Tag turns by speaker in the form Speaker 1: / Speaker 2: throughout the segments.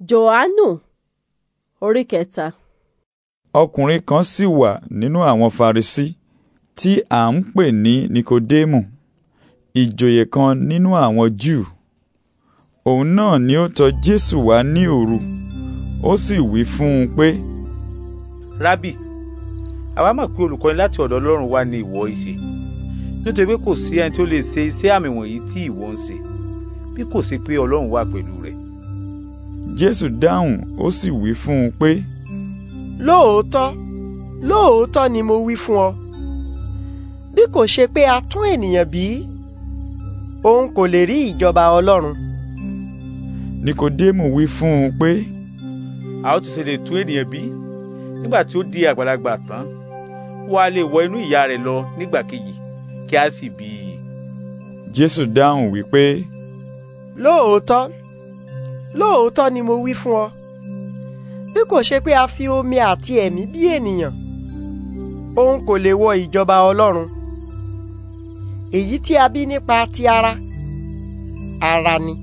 Speaker 1: Jòhánù orí kẹta.
Speaker 2: ọkùnrin kan sì wà nínú àwọn Farisí tí à ń pè ní Nikodémù ìjòyè kan nínú àwọn Júù òun náà ni ó tọ̀ Jésù wá ní òru ó sì wí fún un pé.
Speaker 3: Rábì àwa mọ̀ pé olùkọ́ni láti ọ̀dọ̀ Ọlọ́run wá ni ìwọ ìṣe nítorí pé kò sí ẹni tí lè ṣe iṣẹ́ àmì wọ̀nyí tí ìwọ ń ṣe bí kò ṣe pé Ọlọ́run wà pẹ̀lú rẹ̀
Speaker 2: jésù dáhùn ó sì wí fún un pé.
Speaker 1: lóòótọ́ lóòótọ́ ni mo wí fún ọ bí kò ṣe pé a tún ènìyàn bí òun kò lè rí ìjọba ọlọ́run.
Speaker 2: nikodemu wí fún un pé.
Speaker 3: a ó tún ṣe lè tún ènìyàn bí nígbà tí ó di àgbàlagbà tán wá lè wọ inú ìyá rẹ̀ lọ nígbà kí a sì bí i.
Speaker 2: jésù dáhùn wípé.
Speaker 1: lóòótọ́ lóòótọ́ ni mo wí fún ọ bí kò ṣe pé a fi omi àti ẹ̀mí bí ènìyàn òun kò lè wọ ìjọba ọlọ́run èyí tí a bí nípa ti ara ara ni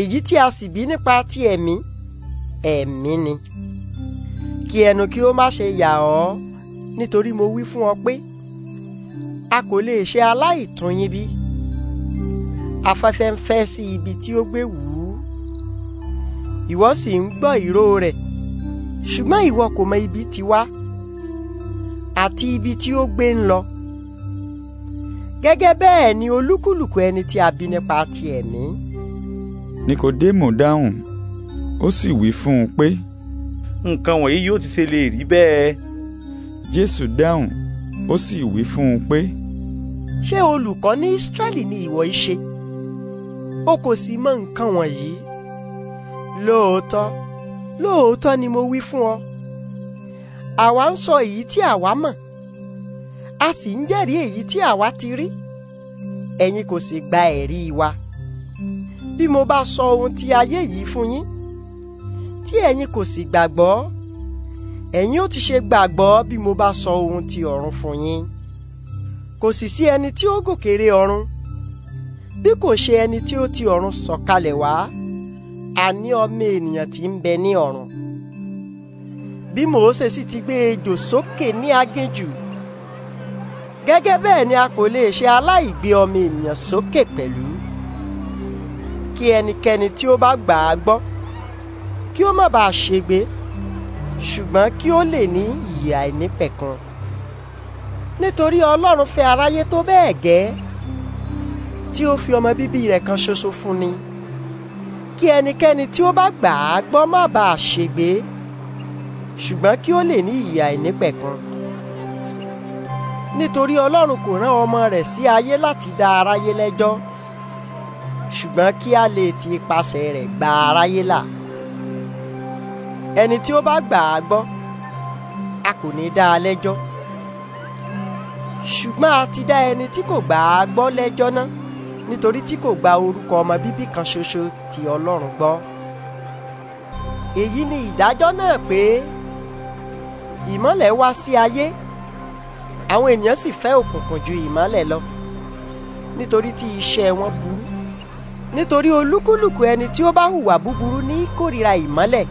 Speaker 1: èyí tí a sì bí nípa ti ẹ̀mí ẹ̀mí ni kí ẹnu kí ó má ṣe yà ọ́ nítorí mo wí fún ọ pé a kò lè ṣe aláìtún yín bí afẹ́fẹ́ ń fẹ́ sí ibi tí ó gbé wù ú ìwọ sì ń gbọ́ ìró rẹ̀ ṣùgbọ́n ìwọ kò mọ ibi tí wá àti ibi tí ó gbé ń lọ gẹ́gẹ́ bẹ́ẹ̀ ni olúkúlùkù ẹni tí a bí nípa ti ẹ̀mí.
Speaker 2: nikodemu dáhùn ó sì wí fún un pé.
Speaker 1: nǹkan wọ̀nyí yóò ti ṣe lè rí bẹ́ẹ̀.
Speaker 2: jésù dáhùn ó sì wí fún un pé.
Speaker 1: ṣé olùkọ́ ní israẹli ni ìwọ í o kò sì mọ nǹkan wọ̀nyí lóòótọ́ lóòótọ́ ni mo wí fún ọ àwa ń sọ èyí tí àwa mọ̀ a sì ń jẹ́rìí èyí tí àwa ti rí ẹ̀yin kò sì gba ẹ̀rí wa bí mo bá sọ ohun ti ayé yìí fún yín tí ẹ̀yin kò sì gbàgbọ́ ẹ̀yin ó ti ṣe gbàgbọ́ bí mo bá sọ ohun ti ọ̀run fún yín kò sì sí ẹni tí ó gòkèrè ọ̀run bí kò ṣe ẹni tí ó ti ọ̀run sọ̀kalẹ̀ wá a ní ọmọ ènìyàn tí ń bẹ ní ọ̀run bí Mósè sì ti gbé ejò sókè ní aginjù gẹ́gẹ́ bẹ́ẹ̀ ni a kò lè ṣe aláìgbé ọmọ ènìyàn sókè pẹ̀lú kí ẹnikẹ́ni tí ó bá gbà á gbọ́ kí ó má bàa ṣègbé ṣùgbọ́n kí ó lè ní ìyè àìnípẹ̀kan nítorí Ọlọ́run fẹ́ aráyé tó bẹ́ẹ̀ gẹ́ tí ó fi ọmọ bíbí rẹ̀ kan ṣoṣo fún ni kí ẹnikẹ́ni tí ó bá gbà á gbọ́ má bàa ṣègbé ṣùgbọ́n kí ó lè ní ìyà ìnípẹ̀kun nítorí ọlọ́run kò rán ọmọ rẹ̀ sí ayé láti dá aráyé lẹ́jọ́ ṣùgbọ́n kí a lè ti ipasẹ̀ rẹ̀ gba aráyé là ẹni tí ó bá gbà á gbọ́ a kò ní dá a lẹ́jọ́ ṣùgbọ́n a ti dá ẹni tí kò gbà á gbọ́ lẹ́jọ́ náà nítorí tí kò gba orúkọ ọmọ bíbí kan ṣoṣo ti Ọlọ́run gbọ́. èyí ni ìdájọ́ náà pé ìmọ́lẹ̀ wá sí ayé àwọn ènìyàn sì fẹ́ òkùnkùn ju ìmọ́lẹ̀ lọ nítorí tí iṣẹ́ wọn burú nítorí olúkúlùkù ẹni tí ó bá hùwà búburú ní kórìíra ìmọ́lẹ̀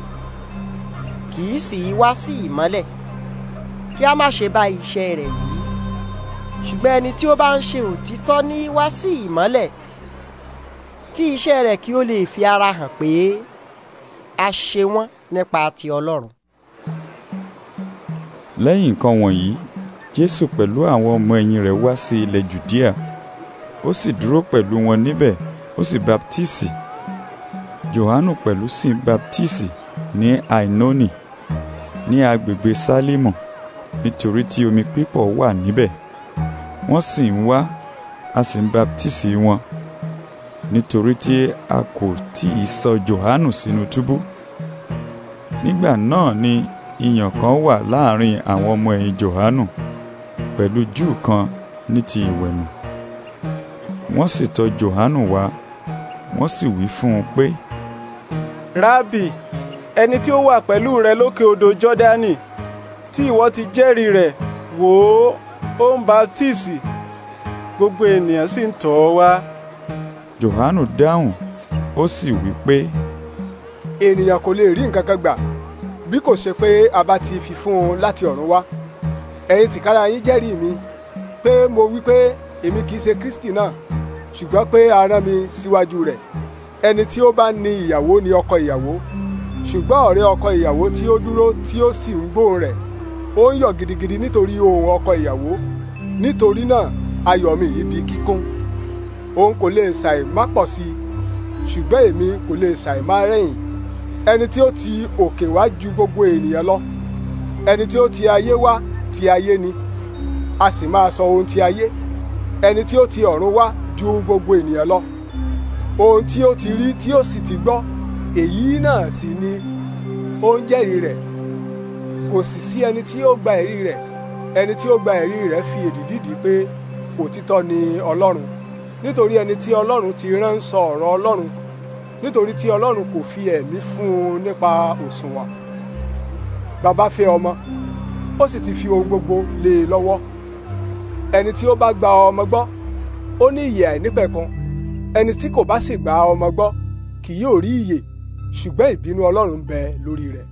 Speaker 1: kì í sì í wá sí ìmọ́lẹ̀ kí a má ṣe bá iṣẹ́ rẹ̀ wí ṣùgbọ́n ẹni tí ó bá ń ṣe òtítọ́ ní wá sí ìmọ́lẹ̀ kí iṣẹ́ rẹ̀ kí ó lè fi ara hàn pé a ṣe wọ́n nípa ti Ọlọ́run.
Speaker 2: lẹ́yìn nǹkan wọ̀nyí Jésù pẹ̀lú àwọn ọmọ ẹ̀yìn rẹ̀ wá sí ilẹ̀ Jùdíà ó sì dúró pẹ̀lú wọn níbẹ̀ ó sì baptisi Johanu pẹ̀lú sì baptisi ní Ainoni ní agbègbè Sálímù nítorí tí omi pípọ̀ wà níbẹ̀ wọ́n sì ń wá a sì ń baptisi wọn nítorí tí a kò tí ì sọ Jòhánù sínú túbú nígbà náà ni ìyàn kan wà láàrin àwọn ọmọ ẹ̀yìn Jòhánù pẹ̀lú Júù kan ní ti ìwẹ̀nù wọ́n sì tọ̀ Jòhánù wá wọ́n sì wí fún un pé.
Speaker 3: rábì ẹni tí ó wà pẹ̀lú rẹ lókè odò Jọ́dánì tí ìwọ ti jẹ́rìí rẹ̀ wò ó ó ń baptisi gbogbo ènìyàn sì ń tọ̀ ọ́ wá.
Speaker 2: Jòhánù dáhùn ó sì wí pé.
Speaker 3: ènìyàn kò lè rí nǹkan kan gbà bí kò ṣe pé a bá ti fi fún un láti ọ̀run wá ẹ̀yin tìkára yín jẹ́rìí mi pé mo wí pé èmi kì í ṣe Kristi náà ṣùgbọ́n pé a rán mi síwájú rẹ̀ ẹni tí ó bá ní ìyàwó ni ọkọ ìyàwó ṣùgbọ́n ọ̀rẹ́ ọkọ ìyàwó tí ó dúró tí ó sì ń gbóhùn rẹ̀ ó ń yọ̀ gidigidi nítorí ohùn ọkọ ìyàwó nítorí náà ayọ̀ mi yìí di kíkún òun kò lè ṣàì má pọ̀ sí i ṣùgbọ́n èmi kò lè ṣàì má rẹ́yìn ẹni tí ó ti òkè wá ju gbogbo ènìyàn lọ ẹni tí ó ti ayé wá ti ayé ni a sì máa sọ ohun ti ayé ẹni tí ó ti ọ̀run wá ju gbogbo ènìyàn lọ ohun tí ó ti rí tí ó sì ti gbọ́ èyí náà sì ni ó ń jẹ́rìí rẹ̀ kò sì sí ẹni tí ó gba ẹ̀rí rẹ̀ ẹni tí ó gba ẹ̀rí rẹ̀ fi èdì dídì pé òtítọ́ ni ọlọ́run nítorí ẹni tí ọlọ́run ti rán sọ ọ̀rọ̀ ọlọ́run nítorí tí ọlọ́run kò fi ẹ̀mí fún un nípa òṣùwọ̀n bàbá fẹ́ ọmọ ó sì ti fi ohun gbogbo lé e lọ́wọ́ ẹni tí ó bá gba ọmọ gbọ́ ó ní ìyè àìnípẹ̀kun ẹni tí kò bá sì gba ọmọ gbọ́ kì yóò rí ìyè ṣùgbọ́n ìbínú ọlọ́run bẹ lórí rẹ̀